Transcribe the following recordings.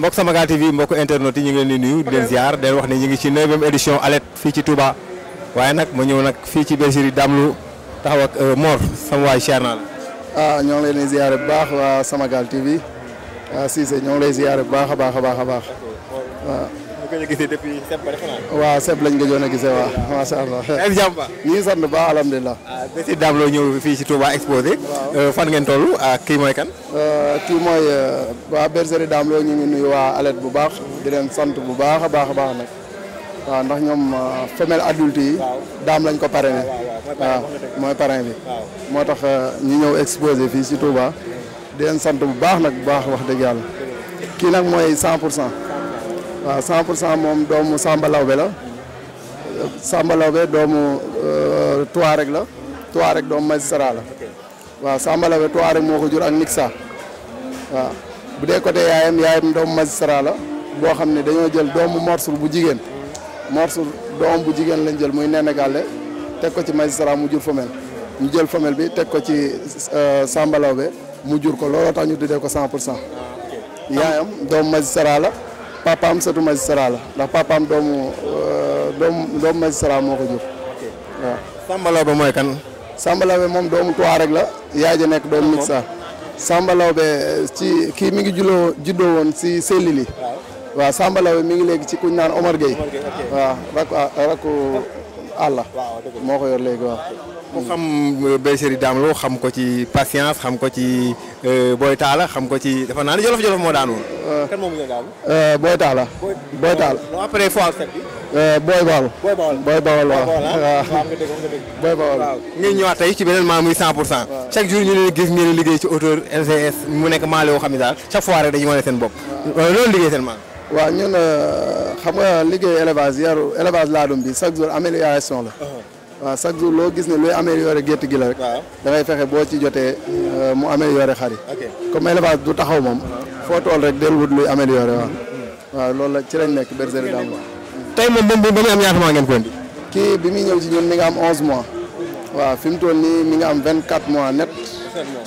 mbokk Samagal TV mbokk internet yi ñu ngi leen di nuyu di leen ziar di wax ne ñu ngi ci neuvième édition alet fii ci Touba waaye nag ma ñëw nag fii ci bergerie Damlu taxaw ak euh, Mor sama waay cher naa la. ah ñoo ngi leen di ziar bu baax waa Samagal TV ah Cissé ñoo ngi lay ziar bu baax a baax a baax a baax waaw. Ah. gëj a gisee depuis Seb ba defe naa. waaw Seb lañ gëjoon a gisee waaw macha allah. ak jàmm ba ñu ngi sant ba alhamdulilah. ah Bési Dame Lo ñëw fii ci Touba exposé. Euh, fan ngeen toll kii mooy kan. Euh, kii mooy euh, waa bergerie Dame Lo ñu ngi nuyu waa alet bu baax di leen sant bu baax a baax a baax nag. waaw ndax ñoom femelle adulte yi. daam lañ ko parrainé. waaw mooy parrain bi. moo tax ñu ñëw exposé fii ci Touba. di leen sant bu baax nag bu baax wax dëgg yàlla. kii nag mooy 100 pour cent. waaw 100 pour cent moom doomu Samba Lawbe la Samba Lawbe doomu euh, Touareg la Touareg doomu magistrat la waaw Samba Lawbe Touareg moo ko jur ak Nixa waaw bu dee côté yaayam boo xam ne dañoo jël doomu morsul bu jigéen morsul doom bu jigéen lañ jël muy Nene Galle ko ci magistrat mu jur femelle jël femelle bi teg ko ci euh, Samba Lawbe mu jur ko looloo tax ñu tuddee ko 100 pour cent ah, yaayam doomu magistrat la. papaam sëtu magistrat la ndax papaam doomu euh, doomu doomu magistrat moo ko jur waaw. Samba Lawbe mooy kan. Samba Lawbe moom doomu Touare rek la yaay ja nekk doomu ah, Mixa. Samba Lawbe ci kii mi ngi julloo juddoo woon si Selili. waaw Samba Lawbe mi ngi léegi ci kuñ naan Omar Gueye. waaw rakku àlla. moo ko yor léegi waaw. ku xam euh, bergerie Dame Lo xam ko ci patience xam ko ci euh, Boy Talla xam ko ci dafa naan jolof jolof moo daan woon. Euh, kan moom nga daan. Boy Talla. Boy Talla. non après fois set bi. Boy Bawol. Boy Bawol Boy Bawol waaw. Boy Bawol ah. waaw. ngeen ñëwaat tey ci beneen maam muy 100 pour cent. chaque jour ñu leen gis ngeen liggéey ci auteur LCS mu nekk maalo yoo xam ne daal chaque fois rek dañu wane seen bopp. loolu liggéey seen maam. waaw ñun xam nga liggéey élevage yaru élevage laadum bi chaque jour amélioration la. Uh-huh. waa chaque jour loo gis ne luy amélioré gétt gi la rek. da ngay fexe boo ci jotee euh, mu amélioré xar yi. comme élevage du taxaw moom. foo tool rek dellu wut luy amélioré waa waaw loolu la ci lañ nekk bergerie Dame Mbodj. tey moom ba mu am ñaata mois ngeen ko indi. kii bi muy ñëw ci ñun mi nga am 11 mois. waa fi mu nii mi nga am vingt quatre mois net.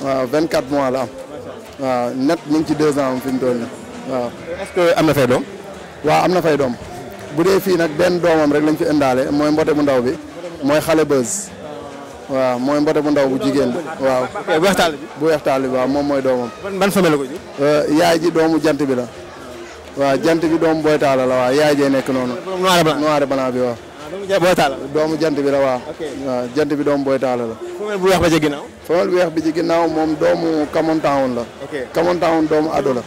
waaw 24 mois la am. waaw net mi ngi ci 2 ans am fi mu toll nii waaw. est-ce que am na fay doom. waaw am na fay doom. bu dee fii nag benn doomam rek lañ fi indaale mooy mbote bu ndaw bi. mooy xale bës. waaw mooy mbote bu ndaw bu jigéen eh, bi waaw. bu weex taal bi bu moom mooy doomam. ban famille la ko doomu jant bi la. jant bi doomu booy taala la waaw nekk noonu. noir doomu jant bi la waaw. waaw bi doomu booy taala la. Ah, famille ci ginnaaw. bi ci ginnaaw moom doomu kamontaawun la. doomu ado la.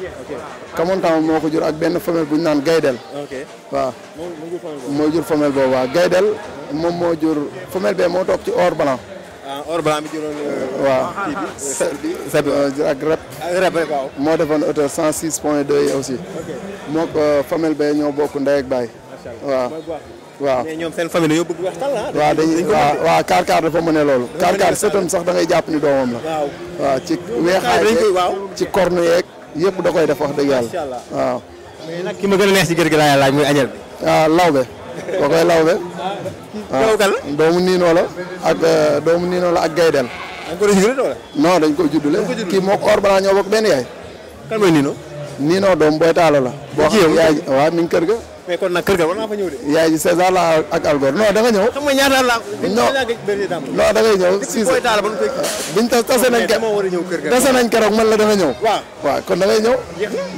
kamontaawun jur ak benn famille bu ñu naan gaydel. ok moo jur famille boobu waaw gaydel moom moo jur femelle be mo tok ci or blanc. Ah, or blanc euh, bi juróom. wa set bi euh, ak rep. rep rek waaw. mo defone hauteur 106.2 point 2 yi aussi. moo ko euh, femelle be ño bok nday ak bay wa wa mais ñom seen famille dañoo bëgg waxtal la. Ah, wa dañuy waaw waaw kaar kaar dafa mëne a car car kaar sax da ngay japp ni doomam la. waaw waaw ci weexaay ci corne yek yépp da koy def wax deug yalla wa mais nak ki ma gëna neex ci gër gi laaj muy añal bi. Ah, law be kookoy lawbe. waaw ah. doomu niinoo la ak eh, doomu niinoo la ak gaydel. non dañ ko juddule kii moo ko or ñoo bokk benn yaay. kan doomu booy taalo la. boo xam yaay waaw mi kër ga. mais kon nag kër ga war naa fa ñëw de. yaay ji César la ak Algor non da ñëw. xam nga ñëw. biñ tase nañ. tase nañ keroog man la da nga ñëw. waaw waaw kon da ngay ñëw.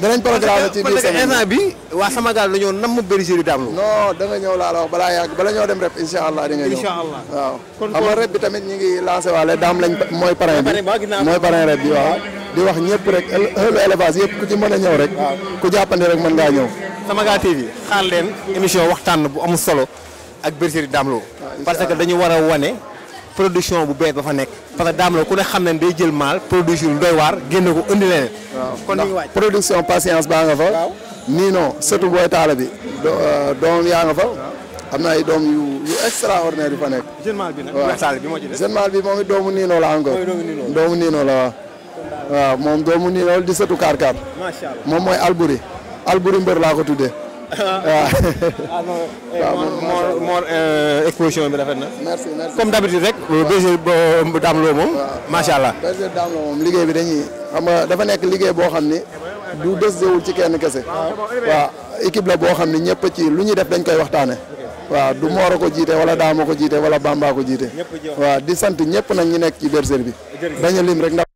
danañ programme ci biir semaine instant bi waa sama gaal dañoo namm bergerie Dame Lo. non da nga ñëw laa wax balaa yàgg bala ñoo dem rep incha allah di nga ñëw. incha allah waaw. kon kon bi tamit ñu ngi lancé waale daam lañ mooy parrain bi mooy parrain rep bi waaw di wax ñëpp rek xelu élevage yëpp ku ci mën a ñëw rek ku jàppandi rek mën ngaa ñëw Samaga TV xaar leen émission waxtaan bu amul solo ak bergerie Dame parce que dañu war a wane production bu bees ba fa nekk parce que Dame Lo ku ne xam ne day jël maal production doy waar génn ko indi leneen kon production patience baa nga fa nii non surtout booy taala bi euh, doom yaa nga fa am na ay doom yu yu extraordinaire yu fa nekk. jeune mâle bi nag bi moo ci des. jeune mâle bi moom it doomu niinoo la encore. doomu niinoo la waaw. waaw moom doomu niinoo di setu kaar kaar. moom mooy alburi. alburu mbër laa ko tuddee. Ah, eh, waaw moo moo eh, exposition bi rafet na. merci merci comme d'habitude rek. Euh, bergerie euh, Dame Lo moom. macha allah bergerie Dame Lo moom liggéey bi dañuy. xam nga dafa nekk liggéey boo xam ni. du desewul ci kenn kese. Ah, eh waaw équipe la boo xam ni ñëpp ci lu ñuy def dañ koy waxtaane waa du Mor a ko jiite wala Daama ko jiite wala Bamba ko jiite. waaw di sant ñëpp nag ñi nekk ci bergerie bi. dañu lim rek ndax.